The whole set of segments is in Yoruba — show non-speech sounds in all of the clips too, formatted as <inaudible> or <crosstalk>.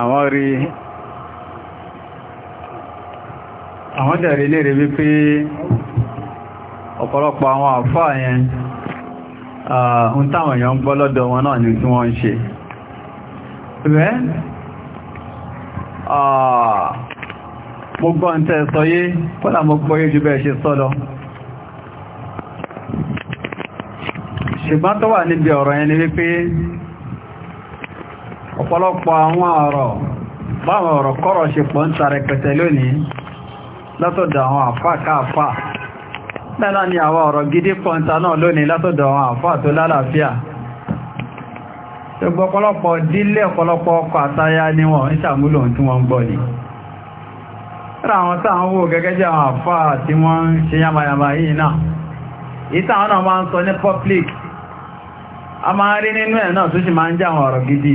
àwọn rí àwọn dẹ̀rí lè rí wípé ọ̀pọ̀lọpọ̀ àwọn àfáà yẹn ń táwọn èèyàn ń gbọ́ lọ́dọ̀ wọn náà ní tí wọ́n ń ṣe rẹ̀ gbogbo ń tẹ́ sọ yé kọ́lá mo gbọ́ yé jù bẹ́ẹ̀ ṣe sọ ṣùgbọ́n tó wà níbi ọ̀rọ̀ yẹn ni wípé ọ̀pọ̀lọpọ̀ àwọn ọ̀rọ̀ báwọn ọ̀rọ̀ kọ́rọ̀ ṣe pọ̀ ń lónìí látọ̀dọ̀ àwọn àfà káàfà náà ni àwọn ọ̀rọ̀ gidi pọ̀ ń ta náà lónìí látọ̀dọ̀ àwọn àfà tó lálàáfíà gbogbo a máa rí nínú ẹ̀ náà tó sì máa gidi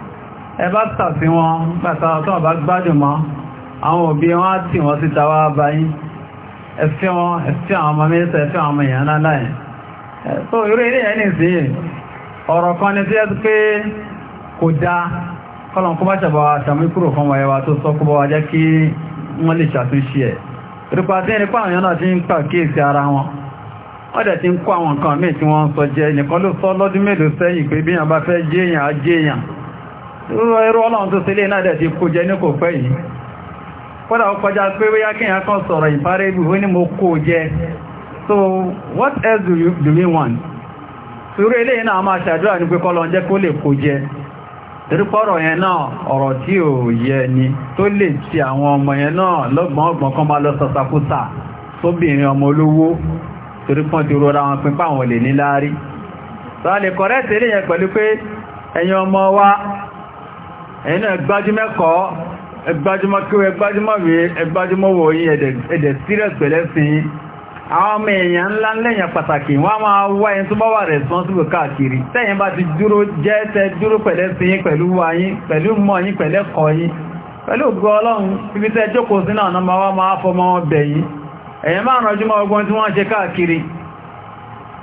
ẹbá tàbí wọn pàtà ọ̀tọ́ ọ̀bá gbádùn mọ́ àwọn òbí wọn tí wọ́n sí tàwà báyí ẹfẹ́ wọn ẹfẹ́ àwọn ọmọ mẹ́ta ẹfẹ́ àwọn èèyàn láláyìn tó irú ilé ẹni kan ni kuro wọ́n si dẹ̀ ti ń kó àwọn nǹkan míì tí wọ́n sọ jẹ́ ló sọ lọ́dún sẹ́yìn pé bí jẹ́ irú ọlọ́run tó sílé náà dẹ̀ ti kó jẹ ní kò pẹ́ yìí kódà ó kọjá pé wíyá kí èyàn kan sọ̀rọ̀ ìfárébù ó ní mo kó jẹ so what else do, you, do we want sùúrù eléyìí náà máa ṣàdúrà ní pé kọ́lọ jẹ́ kó lè kó jẹ torípọ̀rọ̀ yẹn náà ọ̀rọ̀ tí ò yẹ ni tó lè ti àwọn ọmọ yẹn náà lọ́gbọ̀n ọgbọ̀n kan máa lọ sọ̀sàkúsà sóbìnrin ọmọ olówó torípọ̀n ti rọra wọn pín páwọn lè ní láárí sọ́lẹ̀ kọ̀rẹ́ tẹ́lẹ̀ yẹn pẹ̀lú pé ẹ̀yin ọmọ wa ẹ̀yìn náà gbájúmẹ́kọ́ ẹgbájúmọ́ kíwẹ́ ẹgbájúmọ́ rí ẹgbájúmọ́ wò yí ẹ̀dẹ̀ serious pẹ̀lẹ́ sí àwọn ọmọ èèyàn ńlá lẹ́yìn pàtàkì wọ́n máa wá ẹni tó bá wà responsible káàkiri tẹ́yìn bá ti dúró jẹ́ tẹ́ dúró pẹ̀lẹ́ sí yín pẹ̀lú wa pẹ̀lú pẹ̀lẹ́ kọ́ yín pẹ̀lú ọlọ́run ibi tẹ́ jókòó sí máa wá máa fọmọ ọbẹ̀ máa rànjú ọgbọ́n tí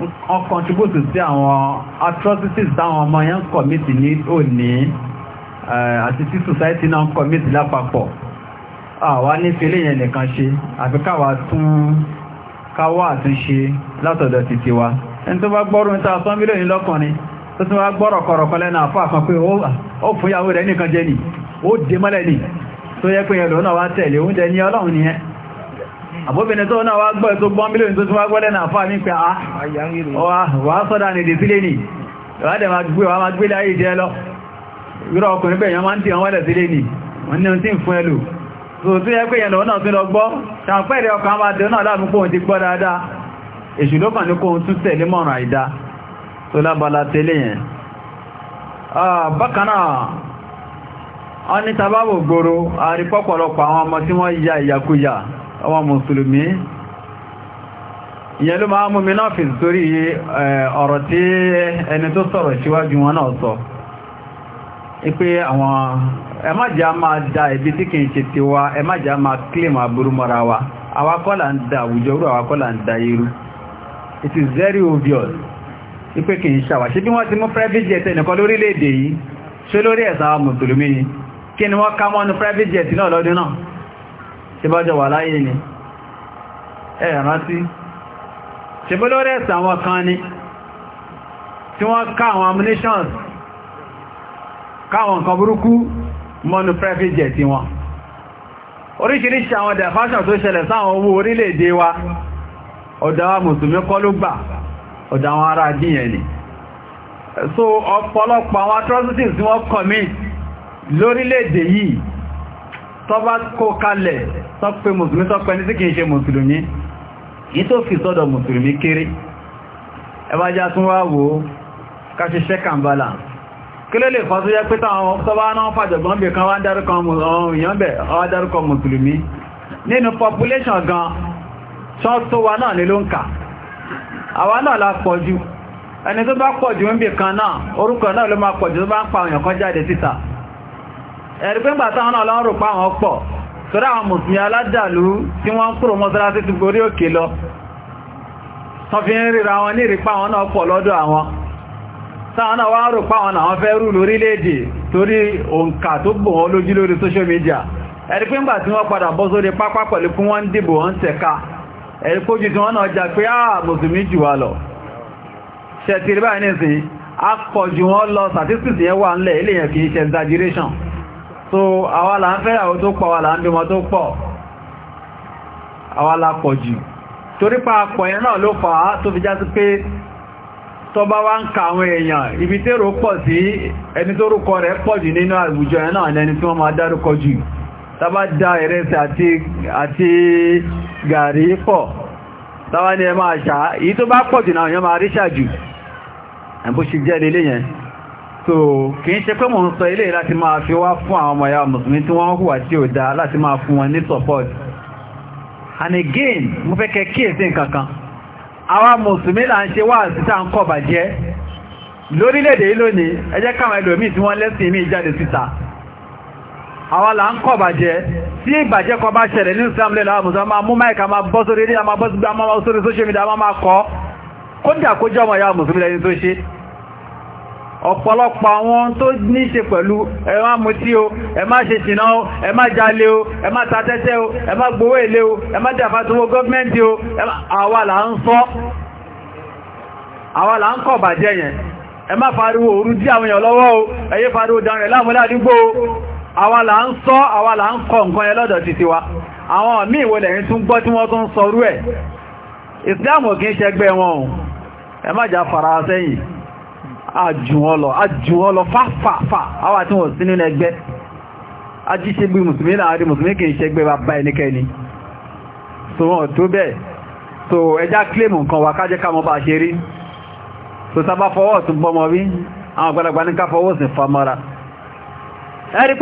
wọ́n contribute sí àwọn atrocities táwọn ọmọ yẹn ń commit ní òní eh, àti tí society náà ń commit lápapọ̀ àwa ní fílẹ̀ yẹn nìkan ṣe àfi káwa tún káwọ́ àtúnṣe látọ̀dọ̀ títí wa ẹni tó bá gbọ́rùn ní sáà sán mílíọ̀nù lọ́kùnrin tó tún wá gbọ́rọ̀ kọ̀rọ̀kọ́ lẹ́nu àfọ́ àkan pé ó fún ìyàwó rẹ̀ nìkan jẹ́ ni ó dé mọ́lẹ̀ ni tó yẹ pé ẹlòmíràn wá tẹ̀lé oúnjẹ ní ọlọ́run nìyẹn àbóbìnrin tó náà wá gbọ́ ètò gbọ́n mílíọ̀nù tó tún wá gbọ́lẹ̀ náà fà ní pé àá ah, wà sọ́dá ní ìdísílé ní ìwádẹ̀ ma gbé wà má gbé láyé jẹ́ lọ ìrọ̀ ọkùnrin bẹ̀yàn máa ń tí wọ́n wọ́lẹ̀ sílé ní wọ́n ní tí ń fún ẹlù tó tí ẹ pé yẹn lọ náà tún lọ gbọ́ ṣàpẹ́ẹ̀rẹ̀ ọkàn máa dẹ̀ náà gbòòrò àrípọ̀pọ̀lọpọ̀ àwọn ọmọ tí wọ́n ya ìyàkúyà ọmọ mùsùlùmí ìyẹn máa mú mi náà fi sórí ọ̀rọ̀ tí ẹni tó sọ̀rọ̀ síwájú wọn náà sọ ipé àwọn ẹmájá máa da ibi tí kìí ṣe ti wa ẹmájá máa kílèm àbúrú mọ́ra wa awakọ́là ń da àwùjọ awakọ́là ń da irú it is very obvious ipé kìí ṣàwà ṣe bí wọ́n ti mú ṣe bá jọ wà láyé ni ẹ rántí ṣe bó lórí ẹ̀sẹ̀ àwọn kan ni tí wọ́n ká àwọn ammunitions káwọn nǹkan burúkú mọ́nu private jet wọn oríṣiríṣi àwọn defashion tó ṣẹlẹ̀ sáwọn owó orílẹ̀-èdè wa ọ̀dọ̀ àwọn kọ́ ló gbà ọ̀dọ̀ àwọn ará díyẹn ni so ọ̀pọ̀lọpọ̀ àwọn atrocities wọ́n commit lórílẹ̀-èdè yìí tọ́bá kó kalẹ̀ sọ́pẹ́ mùsùlùmí sọ́pẹ́ ní tí kìí ṣe mùsùlùmí yí tó fi sọ́dọ̀ mùsùlùmí kéré ẹbájá tún wá wò ó káṣe check and balance kí ló lè fọ́ tó yẹ pé táwọn tọ́bá náà fàjọ̀gbọ́n bè kan wá dárúkọ mùsùlùmí nínú population gan ṣọ́ tó wa náà ní ló ń kà àwa náà la pọ̀jù ẹni tó bá pọ̀jù ń bè kan náà orúkọ náà ló máa pọ̀jù tó bá ń pa òyàn kan jáde síta ẹ̀rùpẹ́ ìgbà táwọn náà lọ́rùn pa àwọn pọ̀ sọ́rọ àwọn mùsùlùmí aládàlú tí wọ́n kúrò mọ́sálásí ti gorí òkè lọ wọ́n fi ń ríra wọn ní ìrípa wọn náà pọ̀ lọ́dọ̀ àwọn táwọn wá rò fẹ́ rú lórílẹ̀-èdè torí òǹkà tó bò lójú lórí social media ẹ̀rípẹ́ ìgbà tí wọ́n padà bọ́ sórí pápá pẹ̀lú fún wọ́n dìbò wọ́n tẹ̀ka tí wọ́n náà jà pé lọ nìsín lọ statistics yẹn wà ńlẹ̀ so àwa là ń fẹ́yàwó tó pọ̀ àwa là ń bímọ tó pọ̀ àwa la pọ̀ jù torípa pọ̀ yẹn náà ló fà á tó fi já sí pé tọba wá ń ka àwọn èèyàn ibi tí èrò pọ̀ sí ẹni tó rúkọ rẹ̀ pọ̀ jù nínú àwùjọ yẹn náà ẹni tí wọ́n máa dárúkọ jù tàbá dá ìrẹsì àti so kìí ṣe pé mò ń sọ ilé láti máa fi wá fún àwọn ọmọ ya musulmi tí wọ́n hùwà tí ò dáa láti máa fún wọn ní support and again mo fẹ́ kẹ kíyèsí nǹkankan àwa mùsùlùmí là ń ṣe wá síta ń kọ̀ bàjẹ́ lórílẹ̀-èdè yìí lónìí ẹ káwọn ẹlòmíì tí wọ́n lẹ́sìn mí jáde síta àwa là ń kọ̀ bàjẹ́ tí ìbàjẹ́ kọ bá ṣẹlẹ̀ ní Islam máa mú máa bọ́ sórí bọ́ sórí social media máa kọ́ ọmọ ya tó ṣe ọ̀pọ̀lọpọ̀ àwọn tó ní ṣe pẹ̀lú ẹ má mutí o ẹ̀má ṣe ṣìnà o ẹ̀má má jalè o ẹ má ta tẹ́tẹ́ o ẹ̀má má gbowó èlé o ẹ má jàfàtúwó gọ́ọ̀mẹ́ntì o là o fariwo àdúgbò o là ń là ń kọ wa àwọn míì wo tún gbọ́ tí wọ́n tún sọrú ẹ̀ wọn o ẹ má jà fara sẹ́yìn àjùwọ́lọ̀ àjùwọ́lọ̀ fáfàfà àwà tí wọ́n sí nínú ẹgbẹ́ ajíṣẹ́gbé na náà musulmi kìí ṣẹgbẹ́ bàbá ẹnikẹ́ni so wọ́n tó bẹ́ẹ̀ so ẹjá kílèmù nǹkan wà kájẹ́ ká mọ́ bá ṣe rí so sábà fọwọ́ tún rí àwọn ní sí famara ẹ̀rí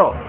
pé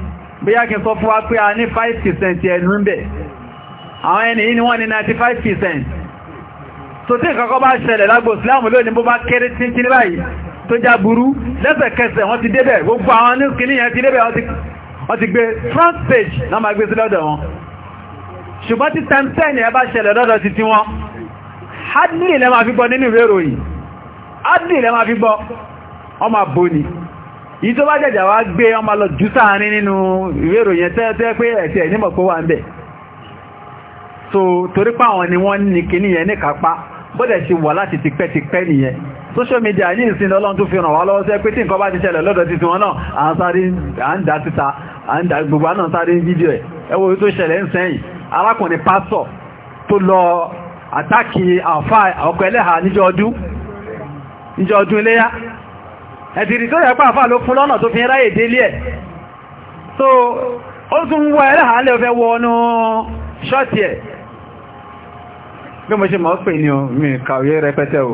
bóyá kí n sọ fún wa pé a ní 5% ẹnu ń bẹ̀ àwọn ẹni yìí ni wọ́n ní 95% tó tí nǹkan kọ́ bá ṣẹlẹ̀ lágbo Islam lónìí bó bá kéré títí báyìí tó já burú lẹ́sẹ̀kẹsẹ̀ wọ́n ti débẹ̀ gbogbo àwọn níkìní yẹn ti débẹ̀ wọ́n ti gbé front page náà máa gbé sí lọ́dọ̀ wọn ṣùgbọ́n tí time 10 ẹ bá ṣẹlẹ̀ yìí tó bá jẹ̀jà wá gbé ọmọ lọ jù sáàrin nínú ìwé ìròyìn tẹ́ẹ̀tẹ́ pé ẹ̀tẹ́ nímọ̀ pé wà ń bẹ̀ so torí ni wọ́n ní ní kápá bọ́dẹ̀ ṣe wà láti nìyẹn social media ní ọlọ́run tó fi ràn wá lọ́wọ́ sẹ́ pé tí nǹkan bá ti ṣẹlẹ̀ lọ́dọ̀ gbogbo sáré fídíò ẹ̀ tó ṣẹlẹ̀ ń sẹ́yìn arákùnrin pásọ̀ tó lọ àtàkì àfáà ẹ̀dìrì tó yẹ pàáfà ló fún lọ́nà tó fi ráyè délé ẹ̀ so ó tún wọ ẹ̀rẹ́ àálẹ́ ọ̀fẹ́ wọ ọnú ṣọ́ọ̀tì ẹ̀ bí mo ṣe máa pè ní omi kàwé rẹpẹtẹ o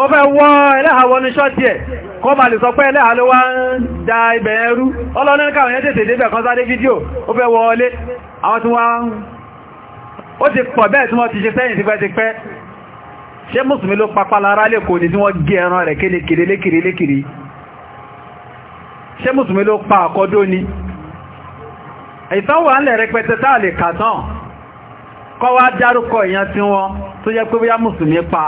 ó fẹ́ wọ ẹlẹ́hà wọnú ṣọ́ọ̀tì ẹ̀ kọ́ bá lè sọ pé eleha ló wá ń da ibẹ̀ ṣé mùsùlùmí ló papá lára lè kò ní tí wọ́n gé ẹran rẹ̀ kélékèrè lékèrè lékèrè ṣé mùsùlùmí ló pa àkọ́dó ni ìtànwà ń lẹ̀ rẹpẹtẹ táà lè kàtàn kọ́ wá dárúkọ ìyàn tí wọ́n tó jẹ́ pé bóyá mùsùlùmí pa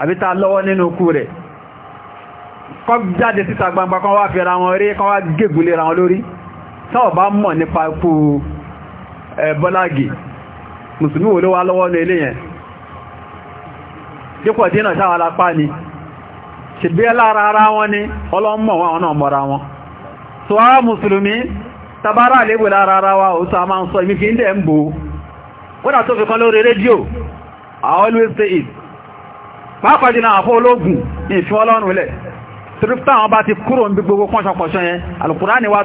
àbí ta lọ́wọ́ nínú ikú rẹ̀ kọ́ jáde síta gbangba kan wá fi ra wọn rí kan wá gégúnlé ra wọn lórí táwọ̀ bá mọ̀ mùsùlùmí wò ló wá lọ́wọ́ nínú ilé yẹn dípò dínà sáwọn alápá ni ṣìgbé lára ara wọn ni ọlọ́mọ̀ wọn náà mọ́ra wọn tó wá mùsùlùmí tabara àlébò lára ara wa ó sáà máa ń sọ ìmí kí ń ń bò kódà tó fi kan lórí rédíò I always say it pàápàá jìnà àfọ́ ológun ní ìfin ọlọ́run lẹ̀ tìrìpítà àwọn bá ti kúrò ń bí gbogbo pọ́nṣọpọ̀ṣọ yẹn alùkùránì wá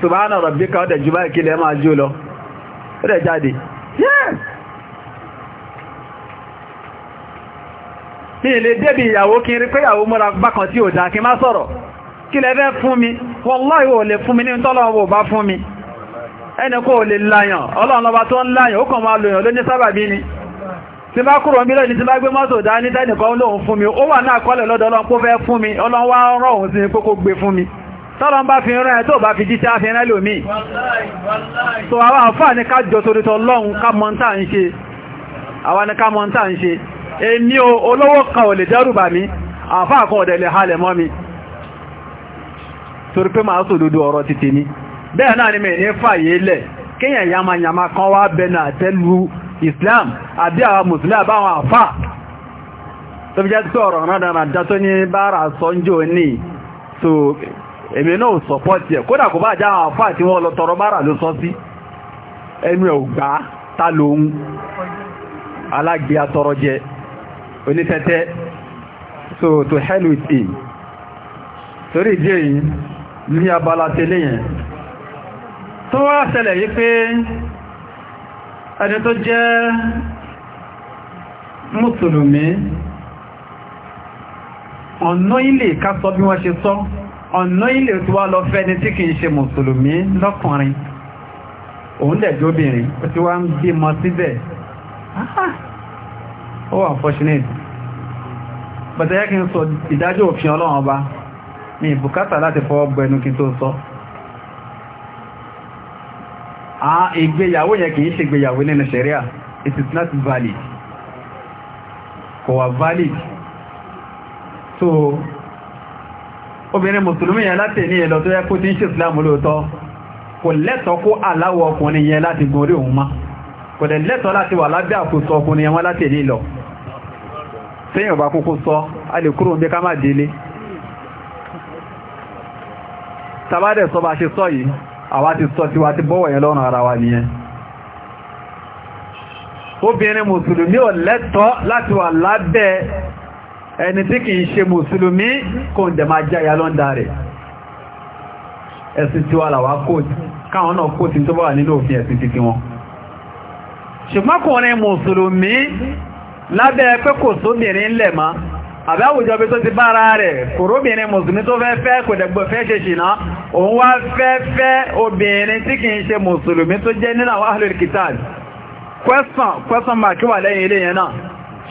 subhana rabbika ọdẹ̀ jù báyìí kílẹ̀ máa jù lọ ọdẹ̀ jáde yes ní ilé débi ìyàwó kí n rí pé ìyàwó múra ba tí ò dá kí má sọ̀rọ̀ kí lẹ fẹ́ mi wallahi ò le fun mi ní tọ́lọ́wọ́ bá fun mi ẹni kò le layan ọlọ́run ọba tó ń láyàn ó kàn máa lòyàn ni fún mi wà fún mi tọ́lọ bá fi rán ẹ tó bá fi jíṣẹ́ àfihàn lómi so àwọn àfáà ní ká jọ torítọ lọ́hun ká mọ́ntà ń ṣe àwọn ní ká mọ́ntà ń ṣe èmi olówó kan ò lè dẹ́rùbà mi àfáà kan ọ̀dẹ̀ lè halẹ̀ mọ́ mi torí pé máa sòdodo ọ̀rọ̀ títí ní bẹ́ẹ̀ náà ni mẹ́rin fàyè lẹ̀ kíyàn yamayama kan wá bẹ̀nà Islam àbí àwọn mùsùlùmí àbáwọn àfáà tó fi jẹ́ tó ọ̀rọ̀ rán dáadáa so èmi náà ò sọpọ́tì ẹ̀ kódà kò bá já àwọn àfáà tí wọ́n lọ tọrọ bára ló sọ sí ẹnu ẹ̀ ò gbá alágbé atọrọ jẹ onítẹ́tẹ́ so to hell with him torí ìdí èyí ní abala tẹ́lẹ̀ yẹn tó wá ṣẹlẹ̀ yí pé ẹni tó jẹ́ mùsùlùmí ọ̀nà ilé ká sọ bí wọ́n ṣe sọ ọ̀nà ilẹ̀ tó wá lọ fẹ́ ni tí kìí ṣe mùsùlùmí lọ́kùnrin òun dẹ̀jọ́bìnrin ó ti wá ń bí mọ síbẹ̀ ó wà unfortunate bàtẹ́yẹ́ kí n sọ ìdájọ́ òfin ọlọ́run ọba ní ìbùkátà láti fọwọ́ bọ ẹnu kí tó sọ ìgbéyàwó yẹn kìí ṣe ìgbéyàwó nínú ṣẹ̀ríà it is not valid kò so obìnrin mùsùlùmí yẹn láti ní ẹ̀lọ tó yẹ kó ti ń ṣe islam lóòótọ́ kò lẹ́tọ̀ọ́ kó aláwọ̀ ọkùnrin yẹn láti gun orí òun má kò dẹ̀ lẹ́tọ̀ọ́ láti wà lábẹ́ àkóso ọkùnrin yẹn wọ́n láti ní lọ sẹ́yìn ọba kúkú sọ a lè kúrò bí ká má délé tàbádẹ̀ sọ bá ṣe sọ yìí àwa ti sọ tiwa ti bọ́wọ̀ yẹn lọ́rùn ara wa nìyẹn obìnrin mùsùlùmí ò lẹ́tọ̀ọ́ láti wà lábẹ́ ẹni tí kìí ṣe mùsùlùmí kò ń dẹ̀ máa jáyà lọ́ndà rẹ̀ ẹ̀sìn tí wà làwà kóòtù káwọn náà kóòtù tó bá nínú òfin ẹ̀sìn títí wọn ṣùgbọ́n kò lábẹ́ kò sóbìnrin lẹ̀ ma àbí àwùjọ bí tó ti bára rẹ̀ kò róbìnrin mùsùlùmí tó fẹ́ fẹ́ kò dẹ̀gbọ́ fẹ́ ṣe ṣìná òun wá fẹ́ fẹ́ obìnrin tí kìí ṣe mùsùlùmí tó jẹ́ nínú àwọn question question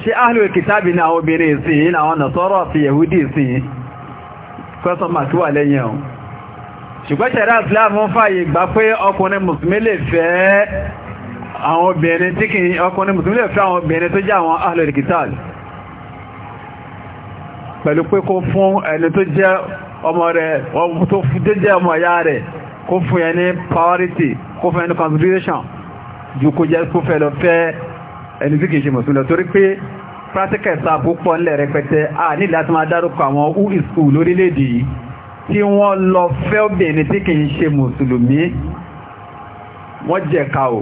ṣe ahlul kitabi ní àwọn obìnrin sí ní àwọn nàṣọ́rọ̀ àti yahudi sí kwẹ́sàn máa tí wà lẹ́yìn ọ̀ ṣùgbọ́n ṣẹ̀rẹ́ islam ń fàyè gbà pé ọkùnrin musulmi lè fẹ́ àwọn obìnrin tí kì ọkùnrin musulmi lè fẹ́ àwọn obìnrin tó jẹ́ àwọn ahlul kitabi pẹ̀lú pé kó fún ẹni tó jẹ́ ọmọ rẹ̀ tó jẹ́ ọmọ ìyá rẹ̀ kó fún ẹni priority kó fún ẹni consideration ju kó jẹ́ kó fẹ́ lọ fẹ́ ẹni tí kìí ṣe mùsùlùmí torí pé practical exam púpọ̀ ńlẹ̀ rẹpẹtẹ a ní láti máa dárúkọ àwọn ui school lórílẹ̀-èdè yìí tí wọ́n lọ fẹ́ obìnrin tí kìí ṣe mùsùlùmí wọ́n jẹ̀ka o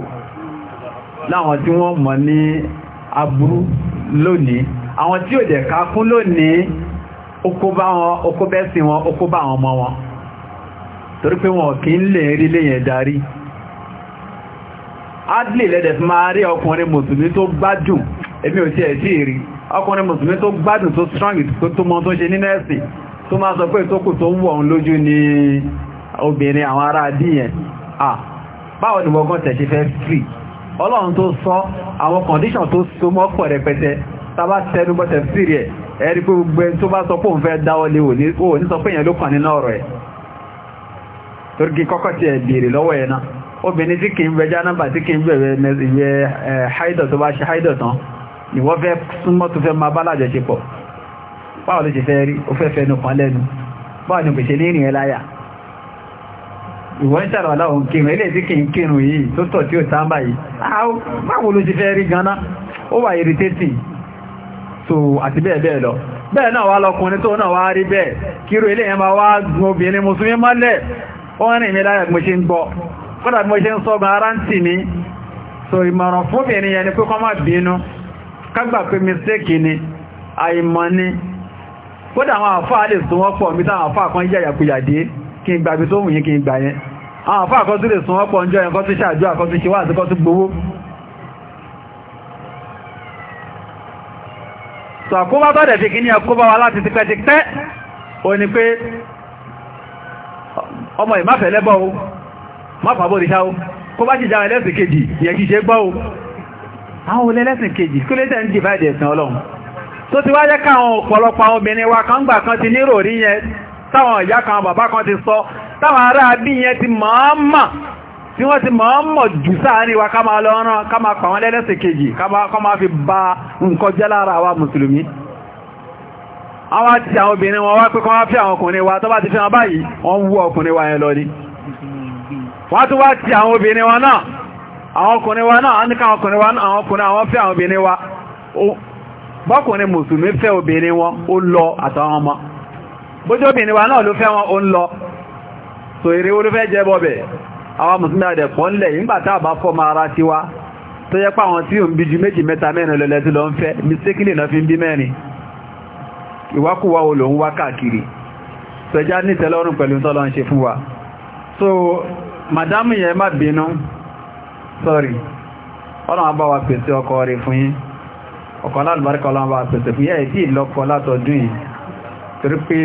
láwọn tí wọ́n mọ̀ ní aburú lónìí àwọn tí ò jẹ̀ka kún lónìí okó wọn okó wọn okó wọn mọ́ wọn torí pé wọn kìí lè rí léyìn darí adley lẹ́dẹ̀ fi máa rí ọkùnrin mùsùlùmí tó gbádùn èmi ò tí ẹ̀ sí ìrí ọkùnrin mùsùlùmí tó tó strong tó mọ́ tó ṣe nínú ẹ̀sìn tó máa sọ pé ìtókù tó wọ̀ lójú ní obìnrin àwọn ará ni wọ́n ṣe fẹ́ ọlọ́run tó sọ àwọn condition sọ obìnrin tí kìí bẹjá nọ́mbà tí kìí bẹ̀rẹ̀ ìwé haidọ̀ tó bá ṣe haidọ̀ tán ìwọ fẹ́ súnmọ́ tó fẹ́ máa bá lájọṣepọ̀ báwo ló ṣe fẹ́ rí o fẹ́ fẹnu kan lẹ́nu báwo ni pèsè ní ìrìn ẹláyà ìwọ ń ṣàrọ̀ aláwọ̀ kírun ilé tí kìí kírun yìí tó tọ̀ tí ó sáńbà yìí báwo ló ṣe fẹ́ rí ganá ó wà irritating so àti bẹ́ẹ̀ bẹ́ẹ̀ lọ bẹ́ẹ̀ náà wá lọkùnrin tó náà wá rí bẹ́ẹ̀ kírò ilé yẹn máa wá gun obìnrin musulmi mọ́lẹ̀ ó rìn mi láyà mo ṣe ń gbọ́ kọ́dà mo ṣe ń sọ gan ara ń tì mí so ìmọ̀ràn fóbìnrin yẹn ni pé kọ́ má bínú kágbà pé mistake ni àìmọ̀ ni kódà àwọn àfáà lè sún wọ́pọ̀ mi táwọn àfáà kan jẹ́ àyàkuyàdé kí n gbàgbé tó wù yín kí n gbà yẹn àwọn àfáà kan tún lè sún wọ́pọ̀ ọjọ́ yẹn kọ́ tún ṣàjọ́ àkọ́tún ṣe wá àti o ni pé ọmọ ìmáfẹ́lẹ́bọ̀ o má fàbọ̀ ríṣà ó kó bá ti jára lẹ́sìn kejì yẹn kí ṣe gbọ́ ó àwọn olè lẹ́sìn kejì kí ló tẹ́ ń dìbàdì ẹ̀sìn wa kan gbà kan ti nírò rí yẹn táwọn ìyá kan bàbá kan ti sọ táwọn ará bí yẹn ti tí wọ́n ti mọ̀ọ́mọ̀ jù sáàrin wa ká máa lọ rán ká máa pàwọn lẹ́lẹ́sìn kejì ká máa fi ba nǹkan jẹ́ lára àwa mùsùlùmí àwọn àti àwọn obìnrin wọn wá pé kán wá fẹ́ àwọn ọkùnrin wa tó bá ti fẹ́ wọn báyìí wọ́n wú ọkùnrin wa yẹn lọ ni wọ́n tó wá ti àwọn obìnrin wa náà àwọn ọkùnrin wa náà ní káwọn ọkùnrin wa náà àwọn ọkùnrin àwọn fẹ́ àwọn obìnrin wa bọ́kùnrin mùsùlùmí fẹ́ obìnrin wọn ó lọ àtàwọn ọmọ bójú obìnrin wa náà ló fẹ́ wọn ó ń lọ so èrè wo ló fẹ́ jẹ́ bọ́bẹ̀ àwọn mùsùlùmí àdẹ̀pọ̀ ńlẹ̀ ìgbàtà bá fọ́ ma ara tiwa tó yẹ pàwọn tí ò ń bí ju méjì mẹ́ta mẹ́rin lọ lẹ́tí lọ ń fẹ́ mistakenly lọ fi ń bí mẹ́rin ìwákùwá wo ló ń wá káàkiri so ẹjá nítẹ́lọ́rùn pẹ̀lú tọ́lọ́ ń ṣe fún wa so Madame, yẹn má bínú sorry ọlọ́wọ́n bá wa pèsè ọkọ rẹ̀ fún yín ọkọ aláàlùbáríkà ọlọ́wọ́n bá wa pèsè fún yẹ́ ìdí ìlọ́kọ látọdún yìí torí pé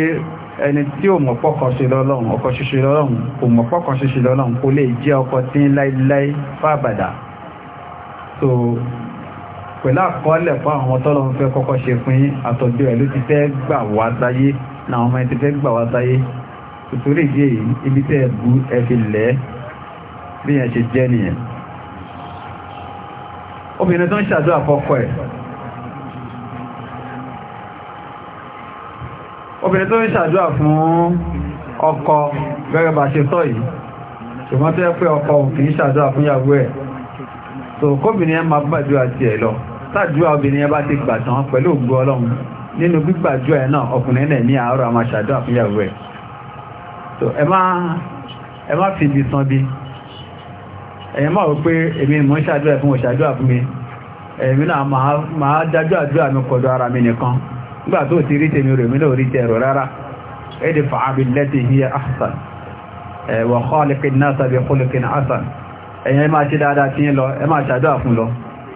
ẹni tí ò mọ̀ pọ́kọ̀ sí lọ́lọ́run ọkọ ṣíṣe lọ́lọ́run kò mọ̀ pọ́kọ̀ ṣíṣe lọ́lọ́run kò lè jẹ́ ọkọ tí láíláí fàbàdà so pẹ̀lú àkọọ́lẹ̀ fún àwọn tọ́lọ́run fẹ́ kọ́kọ́ ṣe fún yín àtọ́jú ẹ̀ ló ti fẹ́ gbà wá sáyé náà ọmọ ẹ ti ìtorí ìdí èyí ibi tẹ́ ẹ̀bú ẹ̀fì lẹ́ bí yẹn ṣe jẹ́ nìyẹn obìnrin tó ń ṣàdó àkọ́kọ́ ẹ̀ obìnrin tó ń ṣàdúrà fún ọkọ gẹ́gẹ́ bá ṣe sọ yìí ṣùgbọ́n tó yẹ pé ọkọ òkè ń ṣàdúrà fún ìyàwó ẹ̀ tó kóbìnrin ẹ máa gbàdúrà ti ẹ̀ lọ tàdúrà obìnrin ẹ bá ti gbà pẹ̀lú ògbó ọlọ́run nínú gbígbàdúrà ẹ̀ náà ọkùnrin náà ní àárọ̀ a máa ṣàdúrà fún ẹ̀ so ẹ má ẹ má fi ibi san bí ẹ̀yẹn máa wò pé èmi mọ̀ ń ṣàdúrà fún òṣàdúrà fún mi èmi náà máa dájú àdúrà mi kọ̀dọ̀ ara mi nìkan nígbà tó ti rí tèmi rẹ̀ mi náà rí tẹ̀rọ rárá ẹ̀dẹ̀ fàábi lẹ́tì hiya ahsan wa khaliqin nasa bi khuluqin hasan ẹ̀yẹn máa ṣe dáadáa tí yín lọ ẹ máa ṣàdúrà fún lọ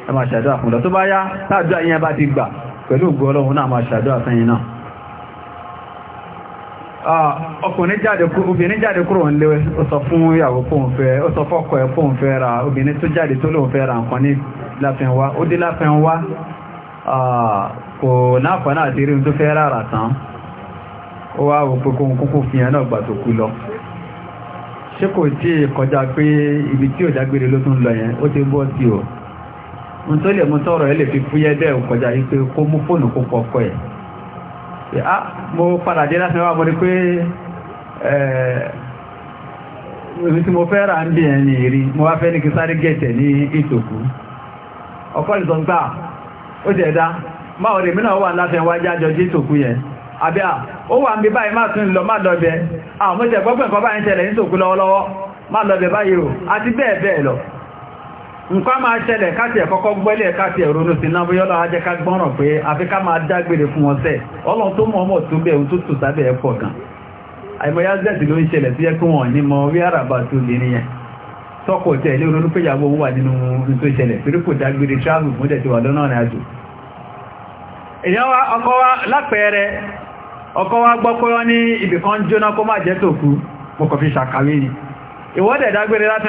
ẹ máa ṣàdúrà fún lọ tó bá yá táàdúrà yẹn bá ti gbà pẹ̀lú ògbọ́ ọlọ́run náà máa ṣàdúrà fún yín náà Ah, ọkùnrin jáde kúrò obìnrin jáde kúrò ń léwẹ́ ó sọ fún ìyàwó pòun fẹ́ ó sọ fọ́kọ ẹ̀ pòun fẹ́ ra obìnrin tó jáde tó lóun ra nǹkan ní láfẹ́wá ó dé láfẹ́wá ah, kò náàfà náà rí tó rárá tán ó wá wò pé kóhun kúkú fi náà gbà tó kú lọ ṣé kò tí kọjá pé ibi tí òjágbére ló tún lọ yẹn ó o n tó lè tọrọ ẹ lè fi kọjá yìí pé kó mú fóònù Ah, mo padà jẹ́ láti wá mọ́ ní pé ẹ̀ẹ̀mí tí mo fẹ́ rà ń bí ẹni mo wá fẹ́ ní kí sáré gẹ̀ẹ́tẹ̀ ní ìtòkú ah, ó jẹ́ máa wà láti jájọ jí ìtòkú yẹn àbí à ah, ó wà ń bí báyìí tún lọ bẹ́ẹ̀ nǹkan máa ṣẹlẹ̀ káti ẹ̀kọ́kọ́ gbẹ́lẹ̀ káti ẹ̀rọnú sí náà bóyọ́lọ́ ajẹ́ ká gbọ́nràn pé àfi ká máa dágbére fún wọn sẹ́ tó mọ̀ ọmọ tó bẹ̀rù tó tù sábẹ̀ ẹ̀pọ̀ gan àìmọ̀yá zẹ́ẹ̀tì ló ń ṣẹlẹ̀ sí ẹkún wọn ní mọ wí àràbà tó lè níyẹn tọkọ tẹ ilé ronú pé ìyàwó wà nínú tó ṣẹlẹ̀ torí kò dágbére travel ìwọ́dẹ̀ dágbére láti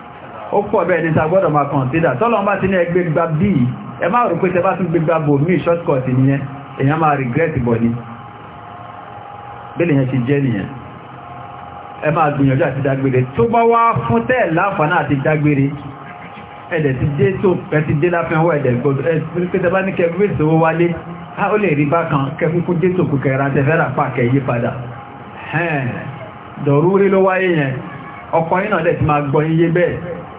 ó pọ̀ bẹ́ẹ̀ ní sàgbọ́dọ̀ máa consider tọ́lọ́n bá ti ní ẹgbẹ́ gba b ẹ máa rò pé tẹ bá tún gbé gba bò mí shortcut nìyẹn èèyàn máa regret bọ̀ ni bẹ́ẹ̀ yẹn ti jẹ́ nìyẹn ẹ máa gbìyànjú àti dágbére tó bá wá fún tẹ́ẹ̀ láǹfààní àti dágbére ẹ̀dẹ̀ ti dé tó ẹ ti dé láfẹ́wọ́ ẹ̀dẹ̀ gbogbo ẹ̀sìnkẹta bá ní kẹfẹ́ a ó lè rí bá kan kẹfẹ́kún dé tó kùkẹ̀ rántẹ́fẹ́ra pàkẹ yí padà ẹ̀ẹ̀dọ̀rúurí ló wáyé yẹn ọkọ̀ iná dẹ̀ ti máa gbọ́ yíyé bẹ́ẹ̀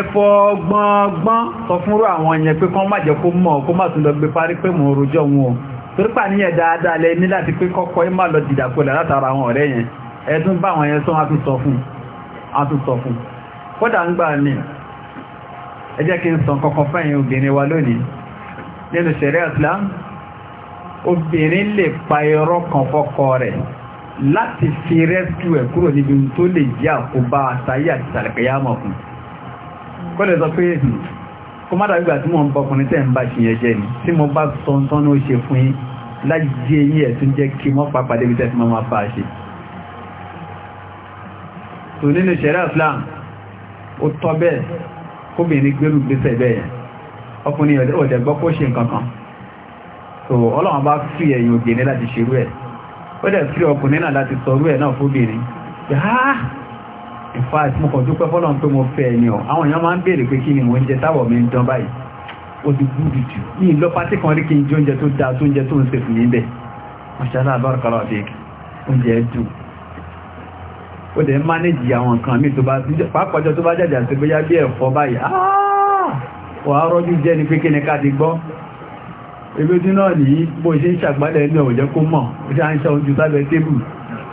ẹ̀fọ́ gbọ́ngbọ́n sọ fúnrú àwọn yẹn pé kán má jẹ́ kó mọ̀ kó má tún lọ gbé parí pé mò ń rojọ́ wọn o torípà níyẹn dáadáa lẹ ní láti pé kọ́kọ́ ẹ má lọ dìdàpọ̀lẹ̀ látara àwọn ọ̀rẹ́ yẹn ẹ̀dún bá àwọn yẹn sọ wọn sọ fún un sọ fún un láti fi rẹ́síkú ẹ̀ kúrò níbi tó lè jẹ́ àkóbá àtàyè àti sàlẹ̀kẹ́yàmọ̀ kọ́ lè sọ pé hmm, kó má dàgbà tí mo ń bọkùnrin tẹ́ ń bá ṣe yẹn jẹ́ ni tí mo bá sọ tán ní ó ṣe fún yín láyé yín ẹ̀tún jẹ́ kí wọ́n pàpà débi tẹ́ fi mọ́ máa fàá ṣe tò nínú ṣẹ̀rẹ́ Islam ó tọ́ bẹ́ẹ̀ kóbìnrin gbérù gbésẹ̀ bẹ́ẹ̀ ọkùnrin ọ̀dẹ̀ gbọ́ kó ṣe nǹkan kan so Ọlọ́run bá fi ẹ̀yìn obìnrin láti ṣerú ẹ̀ ó in fact mo kàn dúpẹ́ fọ́lọ́n pé mo fẹ́ ẹni ọ̀ àwọn èèyàn máa ń béèrè pé kí ni mo ń jẹ táwọ̀ mi ń dán báyìí ó ti gúdù jù ní ìlọ pátí kan rí kí n jẹ oúnjẹ tó dáa tó oúnjẹ tó ń ṣe fún mi bẹ́ẹ̀ mashallah barakallah àbík oúnjẹ dùn ó dẹ̀ ń mánéjì àwọn nǹkan mi tó bá pàápàájọ tó bá jàjà sí bóyá bí ẹ̀fọ́ báyìí wà á rọ́jú jẹ́ ni pé kí ni ká ti gbọ́ ebédú náà nìyí bó ṣe ń ṣàgbálẹ̀ ẹni ọ̀jẹ́ kó mọ̀ ó ṣe à ń ṣe oúnjẹ sábẹ́ tébù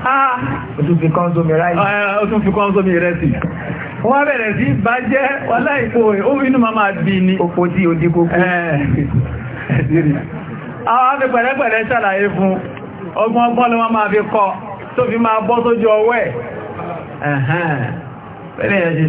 Òtúnfi ah. kan sómi ráyìí. Òtúnfi eh, kan sómi rẹ̀sì. Wọ́n bẹ̀rẹ̀ sí bá jẹ́ ma máa bí ní. Òpó tí ó dí kókó. Eh, Àwọn afi pẹ̀lẹ́pẹ̀lẹ́ ṣàlàyé fún ọgbọ́n fi kọ tó fi máa bọ́ sójú ọwọ́ ẹ̀. Pẹ̀lẹ́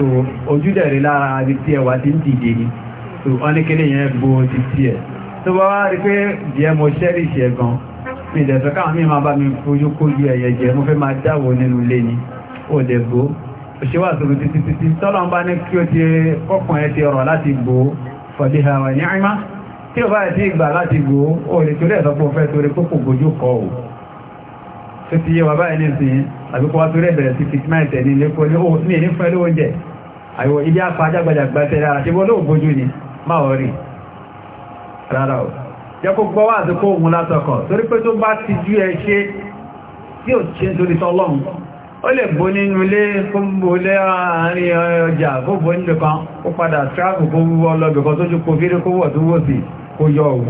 so ojú dẹ̀ rí lára àti tí ẹ wà tí ń dìde ni so wọ́n ní kíní yẹn gbó ti tí ẹ̀ tó bá wá rí pé díẹ̀ mo ṣẹ́rì ṣẹ́ gan mi ìdẹ̀sọ́ káwọn mi máa bá mi fojú kójú ẹ̀yẹ jẹ mo fẹ́ máa dáwò nínú ilé ni ó dẹ̀ gbó òṣèwà sọ̀rọ̀ títí títí tọ́lọ́ ń bá ní kí ó ti kọ́kùn ẹ ti ọ̀rọ̀ láti gbó fọ̀díhà wà ní àìmá tí ó bá ti gbà láti gbó ó lè torí ẹ̀sọ́pọ̀ fẹ́ torí pópò gbójú kọ́ ò tó ti yẹ wà báyìí nísìnyí àbíkọ́ wá torí ẹ̀bẹ̀rẹ̀ sí fitmẹ́ẹ̀tẹ̀ ní ilé kó ní ní fún ẹlú oúnjẹ àìwọ̀ ilé àpá ajágbàjàgbà tẹ́lẹ̀ ara ṣe wọ́n lóò gbójú ni máa ọ̀rí rárá o jẹ́ kó gbọ́wà àti kó òun látọkọ̀ torí pé tó bá ti jú ẹ ṣe tí ò ṣe nítorí tọ́lọ́run ó lè bó nínú ilé kó bó lé àárín ọjà kó bó nínú kan ó padà travel kó wúwọ́ lọ́gbẹ̀ kan tó jú kó fírí kó wọ̀ tó wò sí kó yọ òun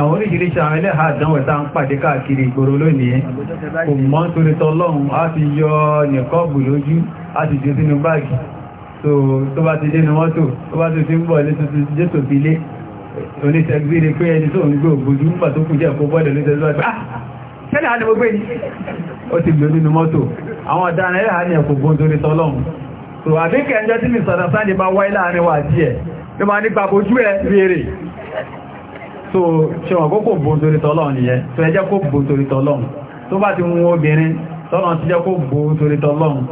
àwọn oríṣiríṣi àwọn ilẹ̀ àdánwò tá ń pàdé káàkiri ìgboro lónìí àtìjò sínú báàgì tó bá ti dé ní mọ́tò tó bá ti fi ń bọ̀ ilé tó ti jẹ́ tó fi lé oníṣẹ́gbére pé ẹni tó ń gbé ògbójú nígbà tó kún jẹ́ kó bọ́ọ̀lẹ̀ ló tẹ́lú àgbà tẹ́lẹ̀ àti gbogbo ẹni ah! ó ti gbé nínú mọ́tò àwọn ọ̀daràn ẹ̀rẹ́ àní ẹ̀kọ́ gbọ́n torí tọ́lọ́run tó àbíkẹ́ ẹjọ́ tí mi sọ̀rọ̀ sáàdì bá wáyé láàrin wà díẹ̀ ló máa nípa bojú ẹ rere tó ṣẹwọ̀n kó kò gbọ́n torí tọ́lọ́run nìyẹn tó ẹjẹ́ kó gbọ́n torí tọ́lọ́run tó bá ti mú obìnrin tọ́lọ́run ti jẹ́ kó gbọ́n torí tọ́lọ́run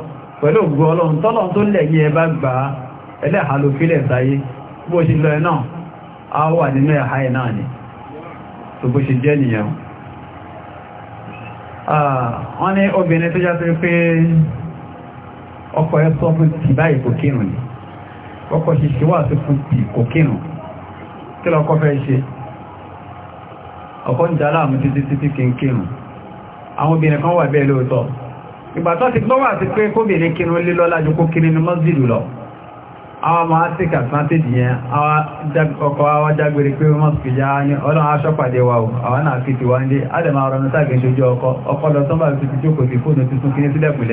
pẹ̀lú ògbò ọlọ́run tọ́lọ́run tó lẹ̀yìn ẹ bá gbà á ẹlẹ́ha ló fílẹ̀ sáyé bó ṣe lọ náà a wà nínú ẹ̀ha ẹ̀ náà ni tó bó ṣe jẹ́ nìyẹn wọ́n ní obìnrin tó jásí pé ọkọ ẹ sọ fún ti báyìí kò kírun ni ọkọ ṣiṣẹ́ wà sí fún ti kò kírun ìgbà tó ti gbọ́wà sí pé kóbìnrin kírun lé lọ́lá jù kó kiri ní mọ́sílù lọ àwọn máa sí kàtàntì dìyẹn ọkọ̀ àwọn jágbèrè pé mọ́sílù já ní ọlọ́run aṣọ́ pàdé wa o àwọn náà fi ti wá ń dé adẹ̀mà ọ̀rọ̀ ní sáàgé ṣojú ọkọ̀ ọkọ̀ lọ sọ́mbà fi ti jókòó sí fóònù tuntun kí ní sílẹ̀kùn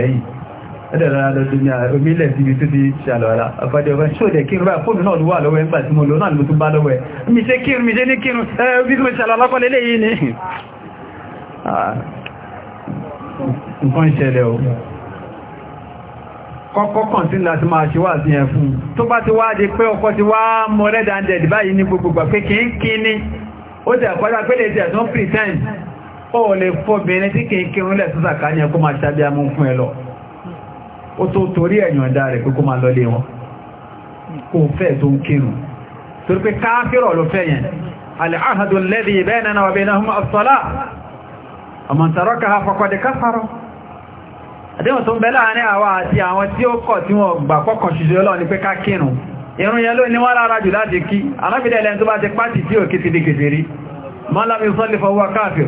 mo lò náà ló tún bá lọ́wọ́ ẹ̀ mi ṣe kírun mi ṣe ni <laughs> ah. nǹkan ìṣẹ̀lẹ̀ o kọ́kọ́ kàn sí láti máa ṣe wà sí ẹ fún tó bá ti wá di pé ọkọ ti wá mọ́ rẹ́dàndẹ̀dì báyìí ní gbogbogbà pé kìí kí ní ó jẹ́ àpájá pé lè jẹ́ tó ń pretend ó lè fọ́bìnrin tí kìí kírun lẹ̀ sísàká ní ẹkó máa tó torí kó máa lọlé yẹn àdéhùn tó ń bẹ láàrin àwa àti àwọn tí ó kọ̀ tí wọ́n gbà pọ́kàn ṣiṣẹ́ Ọlọ́run ni pé ká kírun ìrun yẹn ló ní wọ́n lára jù láti kí arábìdẹ̀ ilẹ̀ tó bá ti pàtì tí ò kí ti di kèfèrí mọ́lámi sọ́lẹ̀ fọwọ́ káàfir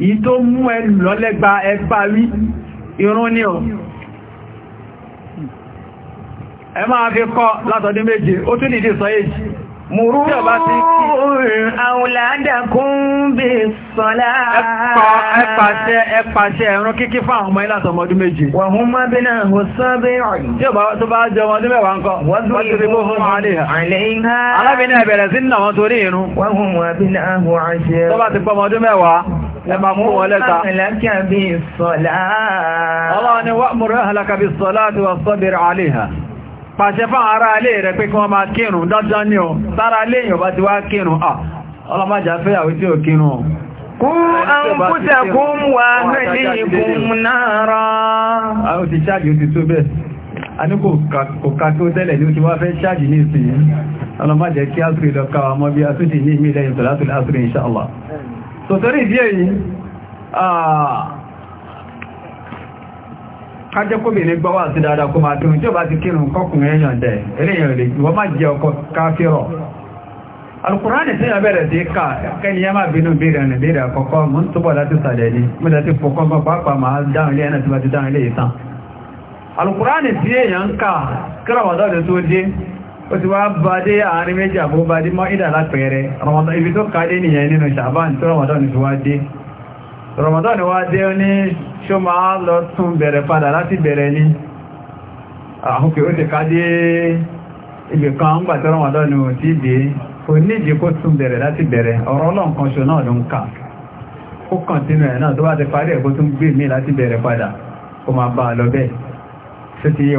yìí tó mú ẹlù lọ́lẹ́gba ẹgbà rí irun ní ọ ẹ máa fi kọ́ látọdún méje ó tún nìdí sọ èjì mú rú ọba ti kí àwòládàkún bí sọ́lá ẹpàṣẹ ẹ̀rún kíkí fún àwọn ọmọ ilá àtọmọdún méje wọ̀n hún má hù sọ́bẹ̀ ọ̀rìn tí ọba bá jẹ ọmọdún mẹ́wàá ẹmà mú wọn lẹ́ta. Ọlọ́run ni wọ́n múrò ẹ̀hàlaka bí sọ́lá tí wọ́n sọ́bìrì àléhà. Pàṣẹ fún ara alé rẹ̀ pé kí wọ́n máa kírun dandan ni ọ, sára alé èèyàn bá ti wá kírun, ah, ọlọ́májá fẹ́yàwó tí ò kírun ọ. Kú anfusakum wa e. ahlikum nara. A ó ti ṣáàjì ó ti tó bẹ́ẹ̀. A ní kò ká tó tẹ́lẹ̀ ní ó ti wá fẹ́ ṣáàjì ní ìsìn. Ọlọ́májẹ́ kí á sùn ìlọ́ka ọmọ bí a tún ti ní ìmìlẹ̀ ìtọ̀látùlásùn inṣáàlá sọ̀tẹ́rì díẹ̀ yìí kájẹ́ kó bèèrè gbọ́ wà sí dáadáa kó máa tún tí ó bá ti kírùn kọkùnrin èèyàn dẹ̀ eléyàn lè wọ́n má jẹ ọkọ̀ káfírọ̀ alkùránì tí yàn bẹ̀rẹ̀ sí ká kẹ́ni yẹn máa bínú bèèrè ẹ̀nà bèèrè àkọ́kọ́ mú ń túbọ̀ ó ti wá àárín méjì àbó bá mọ́ ibi tó ka nìyẹn nínú Ṣàbáàn tó Ramadan fi wá dé Ramadan wá dé ní ṣó lọ tún bẹ̀rẹ̀ padà láti bẹ̀rẹ̀ ní àhúkè ó ti ibi kan ń gbà tó Ramadan ti dé kò nídìí kó tún bẹ̀rẹ̀ láti bẹ̀rẹ̀ ọ̀rọ̀ ọlọ́nkan náà ló ń kà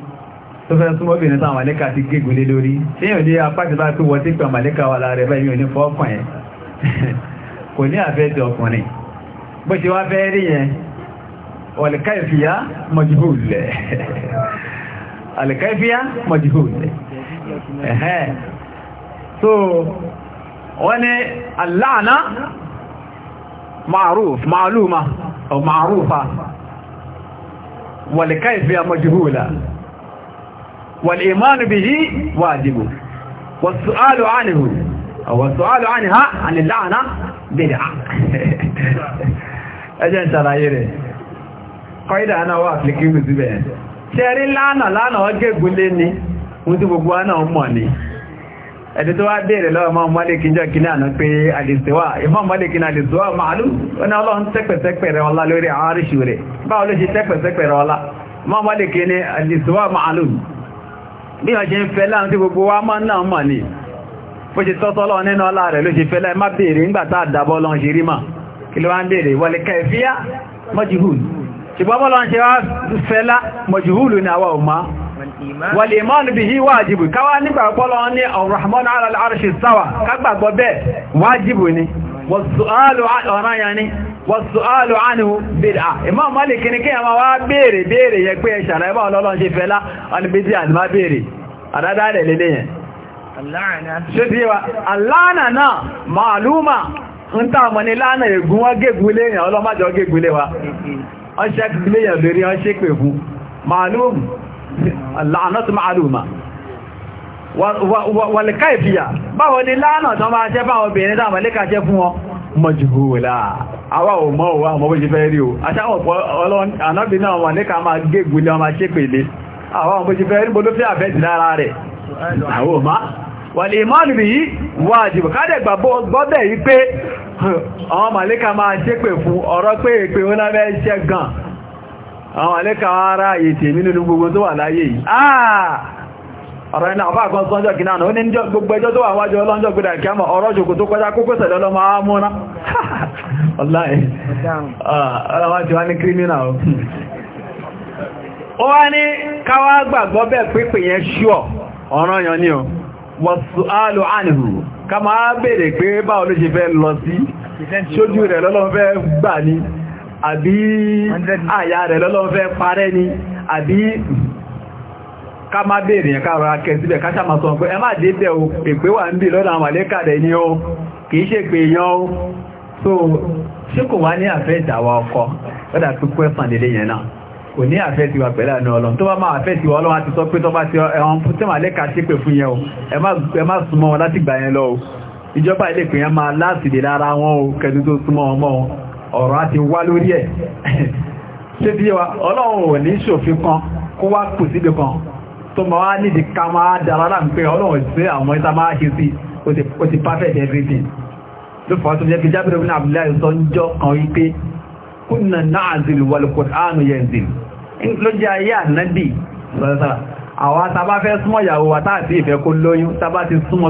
tó fẹ́ súnmọ́ bí ní sáwọn màlẹ́kà ti gégùn lé lórí tí yíò lé apá ti bá tó wọ́n tí pẹ̀ màlẹ́kà wà láàrẹ bá yíò ní fọ́ọ̀kàn ẹ̀ <laughs> kò ní àfẹ́ ti ọkùnrin bó ṣe wá fẹ́ rí yẹn ọ̀lẹ̀káìfìyà mọ̀júhùlẹ̀ ọ̀lẹ̀káìfìyà <laughs> mọ̀júhùlẹ̀ ẹ̀hẹ́ so wọ́n ma'ruf ma'luma ọ̀ ma'rufa wọ̀lẹ̀káìfìyà mọ̀júhùlẹ̀ والإيمان به واجب والسؤال عنه والسؤال عنها عن اللعنة بدعة <laughs> أجل شرائره قيد أنا وافلكي مزبين ṣẹ́rí lánà lánà لعنة ni mú tí gbogbo ánà ọmọ ni ẹ̀dẹ̀ tó wá bèèrè lọ́wọ́ máa mọ́lékí jọ kí náà pé àdìsíwá ìmọ́ mọ́lékí náà àdìsíwá màálù ọ́nà ọlọ́run tẹ́pẹ̀tẹ́pẹ̀rẹ̀ ọlá lórí àárísù rẹ̀ báwọn ló ṣe tẹ́pẹ̀tẹ́pẹ̀rẹ̀ ọlá bí ọjẹ́ ń fẹ́ láàrín tí gbogbo wa máa náà mọ̀ ní bó ṣe tọ́tọ́lọ nínú ọlá rẹ̀ ló ṣe fẹ́ láì má bèèrè ńgbàtà àdàbọ́ lọ ṣe rí mà kí ló wá ń bèèrè wọlé kẹfíà mọ́júhùl ṣùgbọ́n bọ́lọ́ ṣe wá fẹ́lá mọ́júhùlù ní wàsùálù ánìhù bèèrè à ìmọ́ mọ́lì kìí kí ẹmà wá bèèrè bèèrè yẹ pé ṣàrà ẹbá ọlọ́lọ́n ṣe fẹ́lá ọlùbídí àdìmá bèèrè àdádá rẹ̀ lélé yẹn aláàna náà màálùmà ń tààmọ́ ní láàna ègún wá gégúlé yẹn ọlọ́májọ́ gégúlé wa fún màálùmà wàlìká ìfìyà ni àwa ò mọ̀ òwà àmọ́ bó ṣe fẹ́ rí o aṣáwọ̀pọ̀ ànábì náà wà ní ká máa gégùn lé ọmọ ṣépèlé àwa ò bó ṣe fẹ́ rí bó ló fẹ́ àfẹ́ sí lára rẹ̀ àwọn òmá wà lè mọ́lù rí wà jìbò káàdẹ̀ gbọ́bẹ̀ yí pé àwọn màlíkà máa ṣépè ọ̀rọ̀ iná àbá àgbọn sọ́njọ́ kìí náà ó ní gbogbo ẹjọ́ tó wà wájú ọlọ́njọ́ gbogbo ìkẹ́mọ̀ ọ̀rọ̀ ṣòkò tó kọjá kókó sẹ̀lẹ̀ ọlọ́mọ àmúná ọlọ́wájú àyà rẹ̀ lọ́lọ́run fẹ́ parẹ́ ni. àbí ká má bèèrè yẹn ká rọra kẹ síbẹ̀ káṣà máa sọ pé ẹ má débẹ̀ o èpé wà ń bì lọ́dọ̀ àwọn àlékàdẹ̀ ni ó kìí ṣe pé èèyàn ó so ṣé kò wá ní àfẹ́ ìdàwà ọkọ lọ́dà tó kú ẹ̀sàn lélé yẹn náà kò ní àfẹ́ tiwa pẹ̀lú àná ọlọ́run tó bá máa àfẹ́ tiwa ọlọ́run àti sọ pé tó bá ti ẹ̀wọ̀n tí màá lẹ́ka sí pè fún yẹn o ẹ má súnmọ́ wọn láti gbà yẹn lọ o ìjọba ilé pè yẹn máa láti lè lára wọn o kẹni tó súnmọ́ wọn mọ́ wọn ọ̀rọ̀ á ti wá lórí ẹ̀ <laughs> ṣé bí ọlọ́run ò ní ṣòfin kan kó wá kù síbi kan tó ma wá nídi ká máa dára náà pé ọlọ́run sí àwọn ìta máa ṣe sí ó ti perfect everything ló fọ́ tó jẹ́ pé jábìrì ní àbúláyé sọ ń jọ kan wípé kúnnà náàzìlù wal Qur'anu yanzil ló jẹ́ ayé ànábì sọ́sọ́sọ́ àwọn tàbá fẹ́ súnmọ́ ìyàwó wa táà sí ìfẹ́ kó lóyún tàbá ti súnmọ́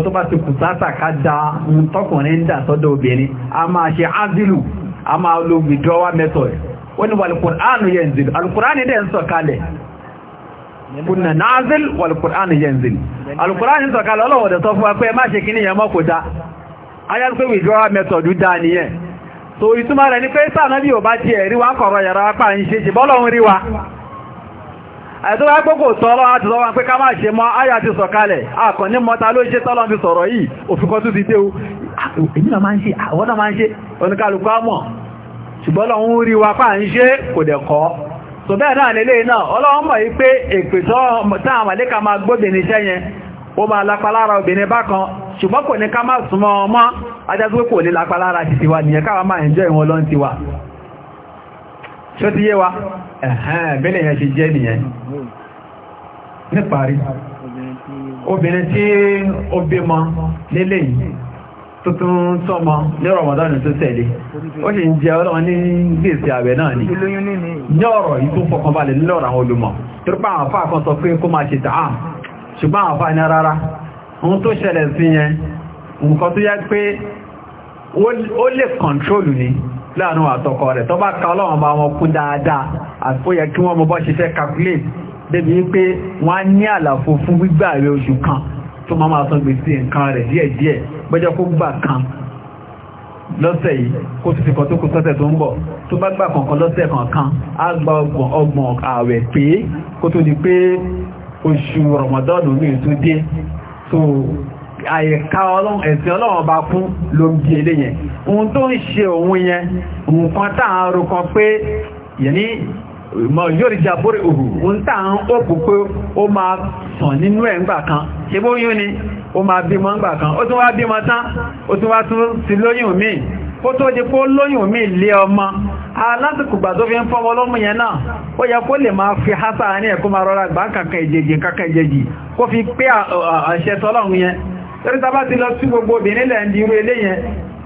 tó kúnnà náàzìl wàlùkùránì yẹnzìl alùkùránì sọ̀kalẹ̀ ọlọ́wọ̀dẹ̀ sọ fún akẹ́ máa ṣe kí ko da kò dá ayálùpé withdrawal method so ìtumọ̀ rẹ̀ ní pé sáànà bí o ba ti ẹ̀rí wá kọ̀rọ̀ yàrá apá ń ṣe ṣe bọ́lọ́run wa àìtọ́ wá gbogbo tọ́lọ́ àti lọ́wọ́ pé ká máa ṣe mọ́ ayà ti sọ̀kalẹ̀ àkàn ní mọ́ta ló ti dé o èmi ṣùgbọ́n ń rí wa so bẹ́ẹ̀ náà nílé náà ọlọ́wọ́n mọ̀ wípé èpè táwọn màlẹ́kà máa gbóbi níṣẹ́ yẹn ó máa lápalára obìnrin bákan ṣùgbọ́n kò ní ká má súnmọ́ ọmọ ajásí kò ní ti tiwa nìyẹn wa tuntun sọmọ ní Ramadan tó tẹ̀lé ó sì ń jẹ ọlọ́run ní gbèsè àwẹ̀ náà ni ní ọ̀rọ̀ yìí tó fọkànbalẹ̀ nílọ́rọ̀ àwọn olùmọ̀ tó pa àwọn afá kan sọ pé kó máa ṣe tàà ṣùgbọ́n àwọn afá ní rárá ohun tó ṣẹlẹ̀ sí yẹn nǹkan tó yá pé ó lè kọ̀ntrólù ni láàrin àtọkọ rẹ̀ tó bá ka ọlọ́run bá wọn kún dáadáa àti ó yẹ kí wọ́n mọ bọ́ ṣiṣẹ́ calculate débi wípé wọ́n á ní àlàfo fún gbígbà rẹ̀ oṣù kan tó máa máa san gbèsè nǹkan rẹ̀ díẹ̀díẹ̀ gbẹ́jọ́ kó gbà kan lọ́sẹ̀ yìí kó sì fi kan tó kù sọ́sẹ̀ tó ń bọ̀ tó bá gbà kọ̀ọ̀kan lọ́sẹ̀ kọ̀ọ̀kan á gba ọgbọ̀n ọgbọ̀n ààwẹ̀ pé kó tó di pé oṣù rọ̀mọ̀dọ́nù mi tó dé tó àyẹ̀ká ẹ̀sìn ọlọ́run bá kún ló ń bí eléyẹn ohun tó ń ṣe òun yẹn nǹkan táà ń mọ̀ yóò rí jàbórí òhù ń tà ń ó kù pé ó máa sàn nínú ẹ̀ gbà kan ṣe bó yóò ní ó máa ń gbà kan ó tún wá bímọ tán ó tún wá tún ti lóyún míì tó lóyún lé ọmọ tó fi ń fọ́mọ lọ́mú yẹn náà ó yẹ kó lè máa fi hásà ní ẹ̀kọ́ máa rọra kankan gbogbo obìnrin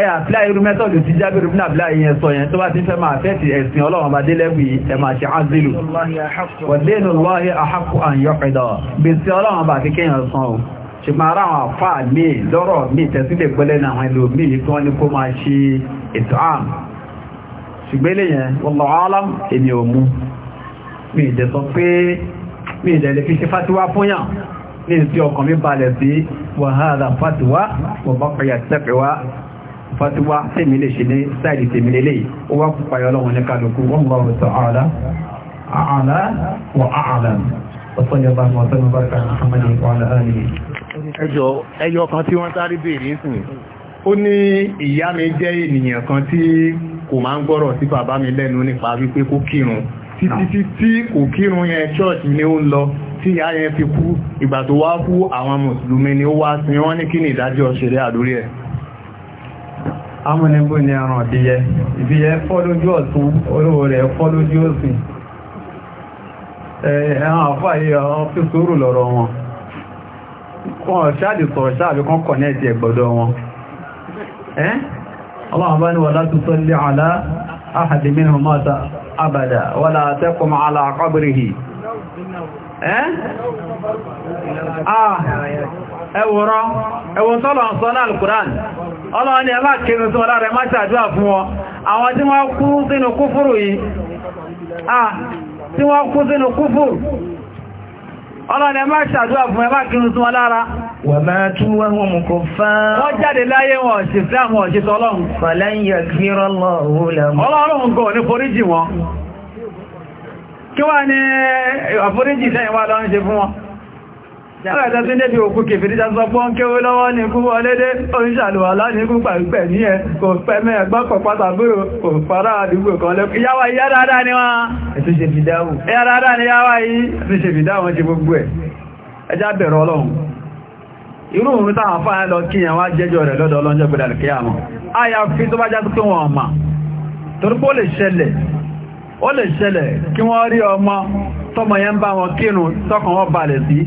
ẹ àpílá irú mẹ́tọ̀dù tí jábìrì fún àbílá ìyẹn sọ yẹn tó bá ti fẹ́ máa fẹ́ẹ̀tì ẹ̀sìn ọlọ́run bá délẹ́bì ẹ máa ṣe ázìlù wọ̀dínú lọ́hí àhákù àyọ́ ẹ̀dọ̀ mi lọ́rọ̀ mi tẹ̀sílẹ̀ gbọ́lẹ̀ ní àwọn ẹlòmí alam èmi ò mú mi ìdẹ̀ sọ pé mi ìdẹ̀ lè fi ṣe fátíwá fúnyàn ní ìsí ọkàn mi balẹ̀ sí wàhálà fátíwá wọ̀bọ̀kọ̀yà tẹ́kẹ̀wá fatiwa tèmi lè ṣe ní sáìdì tèmi lè léyìí ó wá pàyọ lọ́wọ́ ní kálukú wallahu ta'ala a'la wa a'lam ẹjọ́ ẹyọ kan tí wọ́n sáré bèèrè ìsìn ó ní ìyá mi ah. tí ìyá yẹn fi kú ìgbà tó wá kú àwọn mùsùlùmí ni ó wá sin wọ́n ní kí ni ìdájọ́ ṣeré àlórí ẹ̀ amúnibú ni ẹran ọ̀díyẹ ìbíyẹ fọ́ lójú ọ̀tún olówó rẹ̀ fọ́ lójú òsìn ẹ̀hàn àfáàyè ọ̀hún fi lọ́rọ̀ wọn kan ṣáàdì sọ̀rọ̀ ṣáàbí kan kọ̀ ní ẹ̀tì ẹ̀gbọ̀dọ̀ wọn ẹ́n ọlọ́run bá ní wọ́n látú tó lé àlá àhàdì mínú mọ́ta àbàdà ọlọ́wọ́ ni ẹmá kẹrù tí kiri lára fún wọn àwọn tí wọ́n kú sínú yìí ah tí wọ́n kú sínú má fún lára máa tún wọ́n mú kò fán wọ́n jáde láyé wọn ṣe fẹ́ àwọn fàlẹ́yìn ní foríjì wọn Ọ̀rẹ́ta tí níbi òkú kèfèrí já sọ pọ́n kéwé lọ́wọ́ ní ikú wọlédé, oríṣàlùwà láti ikú pàgbẹ̀ ní ẹ, kò pẹ́ mẹ́ gbọ́kọ̀ pátábúrò, kò fara àdúgbò kan lẹ́kùn. Yáwà yá dáadáa ni wọ́n. Ètò ṣe fìdáwò. ni yáwà yìí, ètò ṣe fìdáwò ti gbogbo ẹ̀. Ẹjá bẹ̀rẹ̀ Ọlọ́run. Irú òun táwọn fáyán lọ kí ẹwà jẹ́jọ rẹ̀ lọ́dọ̀ ọlọ́njẹ́ gbẹ̀dà lè kíyà wọn. A yẹn bá wọn kírun tọ́kàn balẹ̀ sí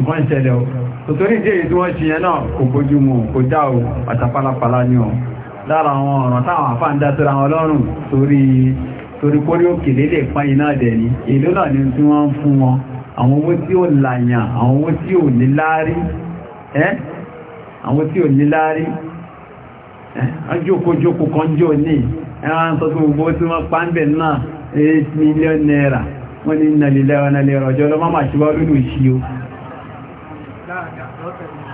nǹkan ìṣẹ̀lẹ̀ o tòtòrí ìdí wọ́n ṣe yẹn náà kò bójú mu kò já o àtàpálapàla ní o lára àwọn ọ̀ràn táwọn àfáà ń dá síra wọn lọ́rùn torí torí òkè lédè pán iná dẹ̀ ni èlò náà ni tí wọ́n ń fún wọn àwọn owó tí ó làyàn àwọn owó tí ò ní láárí àwọn tí ò ní láárí kan ní ẹran pa bẹ̀ náà 8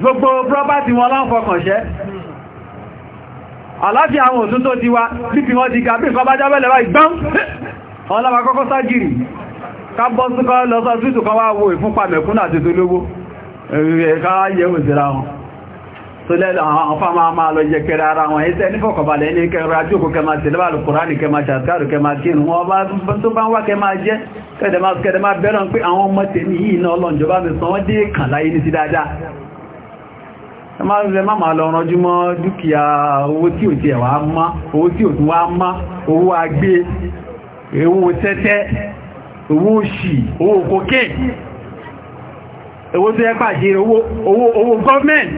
gbogbo property wọn láǹfọkànṣẹ́ aláàfíà àwọn òtún tó ti wá bíbí wọ́n ti gàbí ìfà bá jábẹ̀lẹ̀ wá ìgbọ́n wọn lábà kọ́kọ́ sájìrì kábọ́ súnkọ́ lọ́sọ́ sútù kan wá wo ìfúnpa mẹ̀kúnnà àti tolówó ẹ̀ká yẹ̀wò síra wọn tó lẹ́lọ àwọn fáwọn máa máa lọ jẹ kẹrẹ ara wọn ẹ̀ẹ́sẹ́ nífọ̀kọ̀balẹ̀ ní kẹrọ ajókò kẹ máa tẹ̀lẹ́bà lùkùránì kẹ máa ṣàtàrù kẹ máa kírù wọn bá tó bá ń wá kẹ máa máa ń rẹ máa máa lọ ránjúmọ́ dúkìá owó tí ò tí ẹ̀wà má owó tí ò tí wá má owó agbé owó tẹ́tẹ́ owó òṣì owó kókè owó tó yẹ pàṣẹ owó gọ́ọ̀mẹ́ntì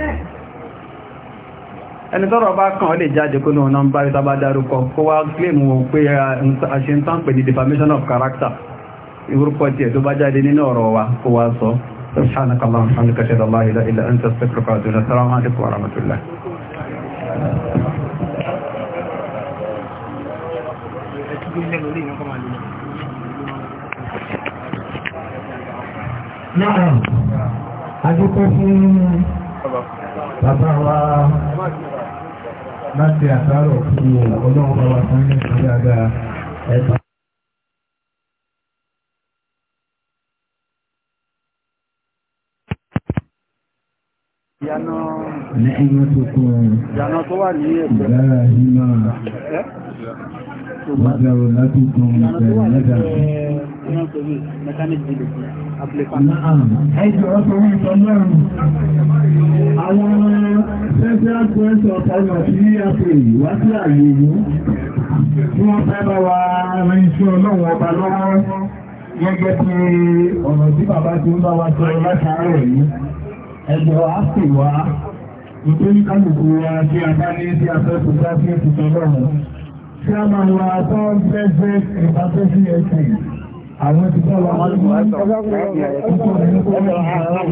ẹni tọ́rọ bá kàn lè jáde kó náà bá rí tábá dárúkọ kó wá claim wọn pé àṣẹ ń tán pè ní defamation of character ìwúrúkọ tí ẹ̀ tó bá jáde nínú ọ̀rọ̀ wa kó wá sọ سبحانك اللهم وبحمدك اشهد ان لا اله الا انت استغفرك واتوب اليك السلام عليكم ورحمه الله نعم هذه نعمتكم إبراهيم وجولتكم جندا نعم حيث أصبحوا صلوا على سيسير كويس وطلع في أفري وأطلع يجو tí wọ́n fẹ́ bá wa rin iṣẹ́ ọlọ́run ọba lọ́wọ́ gẹ́gẹ́ bí ọ̀rọ̀ tí bàbá ti ń bá wa sọ látàárọ̀ yìí ẹgbẹ́ wa sì wá nítorí kálùkù wa tí a bá ní sí afẹ́kù bá sí ìtìtọ́ lọ́rùn tí a máa wá tó ń fẹ́ jẹ́ ìpàtó sí ẹ̀sìn àwọn ìtìtọ́ wa